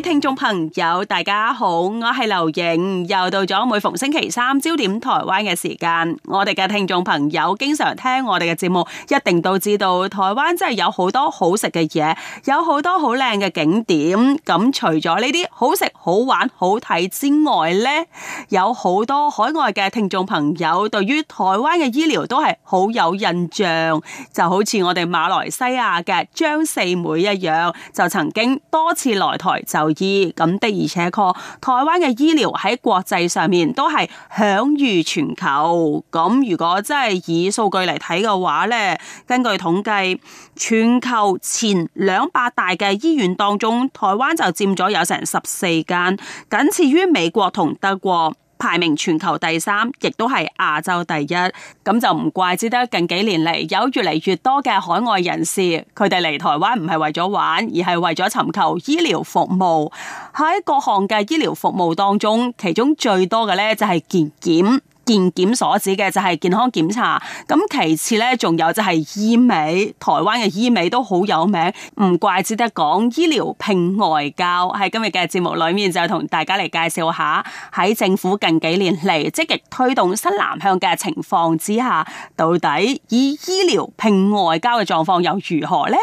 聽眾朋友，大家好，我係劉盈，又到咗每逢星期三焦點台灣嘅時間。我哋嘅聽眾朋友經常聽我哋嘅節目，一定都知道台灣真係有好多好食嘅嘢，有好多好靚嘅景點。咁除咗呢啲好食、好玩、好睇之外咧，有好多海外嘅聽眾朋友對於台灣嘅醫療都係好有印象。就好似我哋馬來西亞嘅張四妹一樣，就曾經多次來台就。醫。咁的，而且確，台灣嘅醫療喺國際上面都係享譽全球。咁如果真係以數據嚟睇嘅話咧，根據統計，全球前兩百大嘅醫院當中，台灣就佔咗有成十四間，僅次於美國同德國。排名全球第三，亦都係亞洲第一，咁就唔怪之得近幾年嚟，有越嚟越多嘅海外人士，佢哋嚟台灣唔係為咗玩，而係為咗尋求醫療服務。喺各項嘅醫療服務當中，其中最多嘅咧就係健檢。健檢所指嘅就係健康檢查，咁其次呢，仲有就係醫美，台灣嘅醫美都好有名，唔怪之得講醫療拼外交。喺今日嘅節目裏面就同大家嚟，介紹下，喺政府近幾年嚟積極推動新南向嘅情況之下，到底以醫療拼外交嘅狀況又如何呢？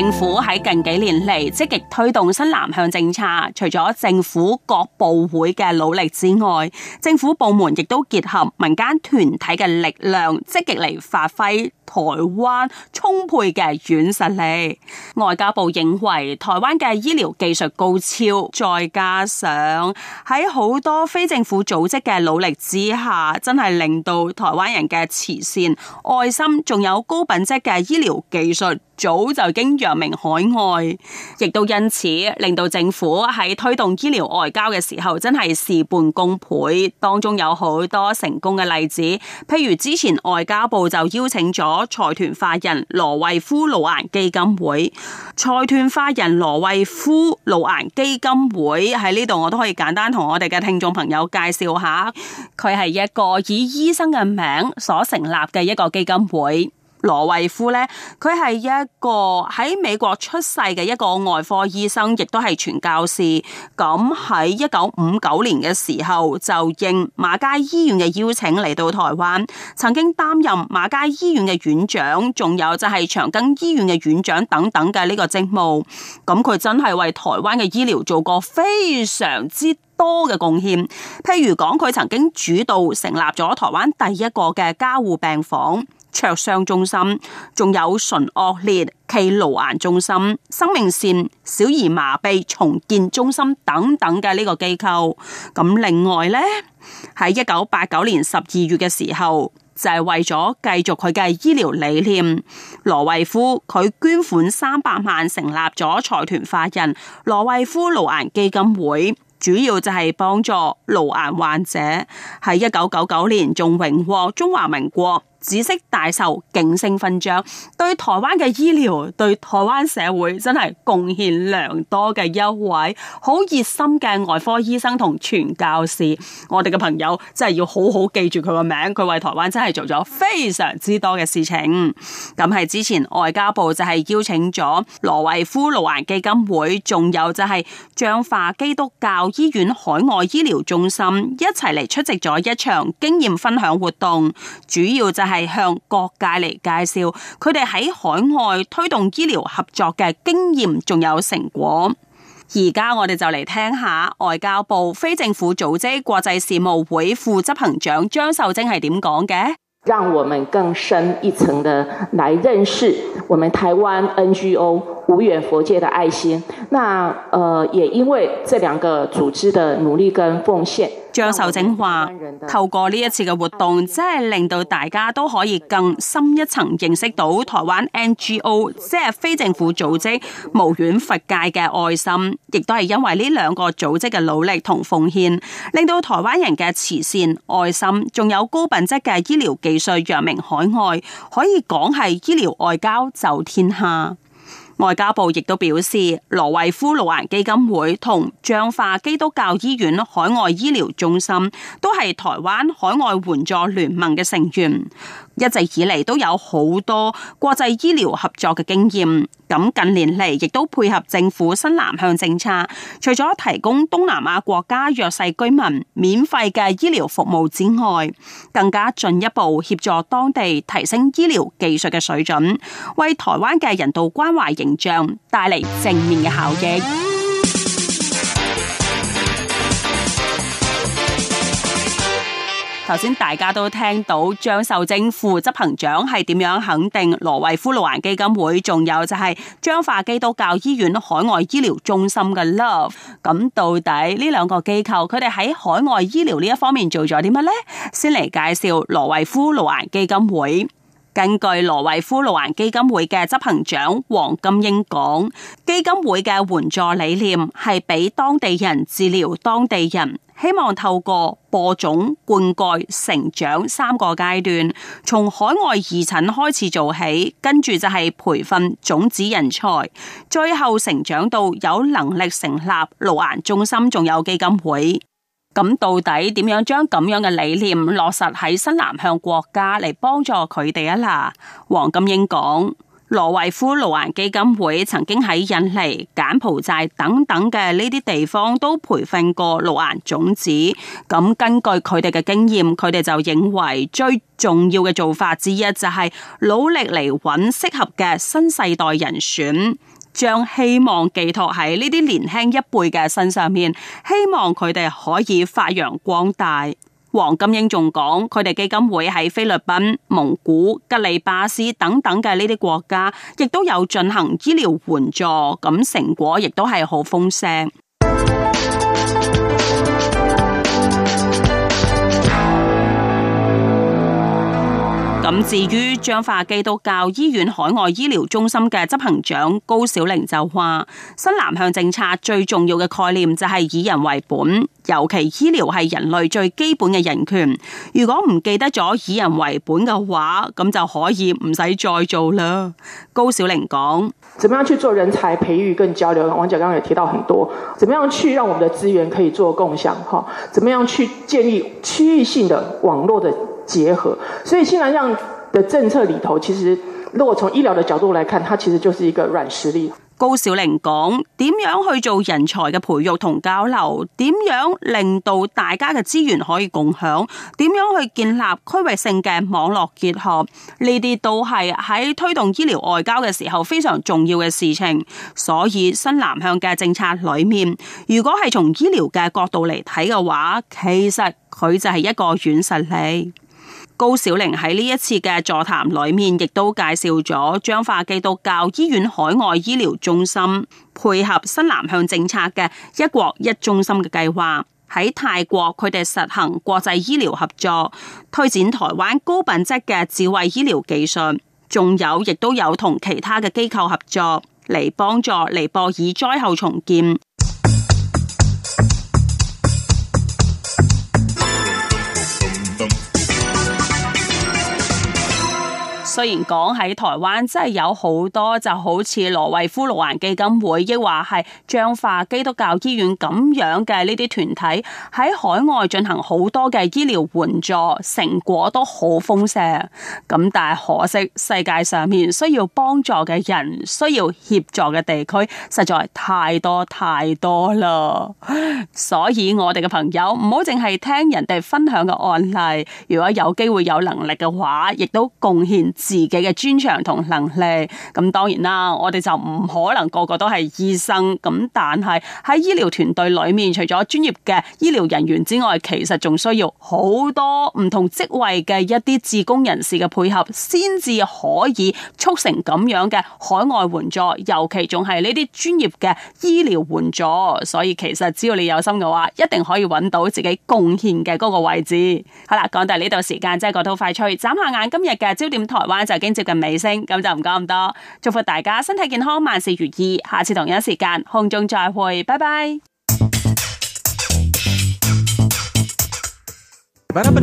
政府喺近幾年嚟，積極推動新南向政策，除咗政府各部會嘅努力之外，政府部門亦都結合民間團體嘅力量，積極嚟發揮台灣充沛嘅軟實力。外交部認為台灣嘅醫療技術高超，再加上喺好多非政府組織嘅努力之下，真係令到台灣人嘅慈善愛心，仲有高品質嘅醫療技術，早就已經名海外，亦都因此令到政府喺推動醫療外交嘅時候，真係事半功倍。當中有好多成功嘅例子，譬如之前外交部就邀請咗財團法人羅慧夫顱顏基金會。財團法人羅慧夫顱顏基金會喺呢度，我都可以簡單同我哋嘅聽眾朋友介紹下，佢係一個以醫生嘅名所成立嘅一個基金會。羅慧夫咧，佢係一個喺美國出世嘅一個外科醫生，亦都係傳教士。咁喺一九五九年嘅時候，就應馬偕醫院嘅邀請嚟到台灣，曾經擔任馬偕醫院嘅院長，仲有就係長庚醫院嘅院長等等嘅呢個職務。咁佢真係為台灣嘅醫療做過非常之多嘅貢獻。譬如講，佢曾經主導成立咗台灣第一個嘅加護病房，灼傷中心，仲有唇顎裂暨顱顏中心、生命線、小兒麻痹重建中心等等嘅呢個機構。咁另外呢，喺一九八九年十二月嘅時候，就係、是、為咗繼續佢嘅醫療理念，羅慧夫佢捐款三百萬成立咗財團法人羅慧夫顱顏基金會，主要就係幫助顱顏患者。喺一九九九年仲榮獲中華民國。紫色大綬景星勳章，對台灣嘅醫療、對台灣社會真係貢獻良多嘅一位，好熱心嘅外科醫生同傳教士，我哋嘅朋友真係要好好記住佢個名字，佢為台灣真係做咗非常之多嘅事情。咁係之前外交部就係邀請咗羅慧夫顱顏基金會，仲有就係彰化基督教醫院海外醫療中心一齊嚟出席咗一場經驗分享活動，主要就是。係向各界嚟介紹佢哋喺海外推動醫療合作嘅經驗，仲有成果。而家我哋就嚟聽下外交部非政府組織國際事務會副執行長張秀晶係點講嘅。讓我們更深一層的來認識我們台灣 NGO 無遠弗屆的愛心。那，呃，也因為這兩個組織的努力跟奉獻。張秀整話：透過呢一次嘅活動，即係令到大家都可以更深一層認識到台灣 NGO，即係非政府組織無遠弗屆嘅愛心，亦都係因為呢兩個組織嘅努力同奉獻，令到台灣人嘅慈善愛心，仲有高品質嘅醫療技術揚名海外，可以講係醫療外交走天下。外交部亦都表示，羅慧夫顱顏基金會同彰化基督教醫院海外醫療中心都係台灣海外援助聯盟嘅成員。一直以嚟都有好多國際醫療合作嘅經驗，咁近年嚟亦都配合政府新南向政策，除咗提供東南亞國家弱勢居民免費嘅醫療服務之外，更加進一步協助當地提升醫療技術嘅水準，為台灣嘅人道關懷形象帶嚟正面嘅效益。首先大家都聽到張秀晶副執行長係點樣肯定羅慧夫顱顏基金會，仲有就係彰化基督教醫院海外醫療中心嘅 Love。咁到底呢兩個機構佢哋喺海外醫療呢一方面做咗啲乜呢？先嚟介紹羅慧夫顱顏基金會。根據羅慧夫顱顏基金會嘅執行長王金英講，基金會嘅援助理念係俾當地人治療當地人，希望透過播種、灌溉、成長三個階段，從海外義診開始做起，跟住就係培訓種子人才，最後成長到有能力成立顱顏中心，仲有基金會。咁到底點樣將咁樣嘅理念落實喺新南向國家嚟幫助佢哋啊？啦，王金英講，羅慧夫顱顏基金會曾經喺印尼、柬埔寨等等嘅呢啲地方都培訓過顱顏種子。咁根據佢哋嘅經驗，佢哋就認為最重要嘅做法之一就係努力嚟揾適合嘅新世代人選。將希望寄託喺呢啲年輕一輩嘅身上面，希望佢哋可以發揚光大。王金英仲講，佢哋基金會喺菲律賓、蒙古、吉里巴斯等等嘅呢啲國家，亦都有進行醫療援助，咁成果亦都係好豐盛。至於彰化基督教醫院海外醫療中心嘅執行長高小玲就話：新南向政策最重要嘅概念就係以人為本，尤其醫療係人類最基本嘅人權。如果唔記得咗以人為本嘅話，咁就可以唔使再做啦。高小玲講：怎麼樣去做人才培育跟交流？王姐剛剛也提到很多，怎麼樣去讓我們的資源可以做共享？怎麼樣去建立區域性的網絡的？結合，所以新南向嘅政策裡頭，其實如果從醫療嘅角度來看，它其實就是一個軟實力。高小玲講：點樣去做人才嘅培育同交流？點樣令到大家嘅資源可以共享？點樣去建立區域性嘅網絡結合？呢啲都係喺推動醫療外交嘅時候非常重要嘅事情。所以新南向嘅政策裏面，如果係從醫療嘅角度嚟睇嘅話，其實佢就係一個軟實力。高小玲喺呢一次嘅座談裏面，亦都介紹咗彰化基督教醫院海外醫療中心配合新南向政策嘅一國一中心嘅計劃。喺泰國，佢哋實行國際醫療合作，推展台灣高品質嘅智慧醫療技術，仲有亦都有同其他嘅機構合作嚟幫助尼泊爾災後重建。雖然講喺台灣，真係有好多就好似羅慧夫顱顏基金會，亦或係彰化基督教醫院咁樣嘅呢啲團體喺海外進行好多嘅醫療援助，成果都好豐盛。咁但係可惜，世界上面需要幫助嘅人，需要協助嘅地區實在太多太多啦。所以我哋嘅朋友唔好淨係聽人哋分享嘅案例，如果有機會有能力嘅話，亦都貢獻自己嘅專長同能力，咁當然啦，我哋就唔可能個個都係醫生，咁但係喺醫療團隊裏面，除咗專業嘅醫療人員之外，其實仲需要好多唔同職位嘅一啲志工人士嘅配合，先至可以促成咁樣嘅海外援助，尤其仲係呢啲專業嘅醫療援助。所以其實只要你有心嘅話，一定可以揾到自己貢獻嘅嗰個位置。好啦，講到呢度時間真係過得好快脆眨下眼今日嘅焦點台。話就已經接近尾聲，咁就唔講咁多。祝福大家身體健康，萬事如意。下次同一時間空中再會，拜拜。拜拜。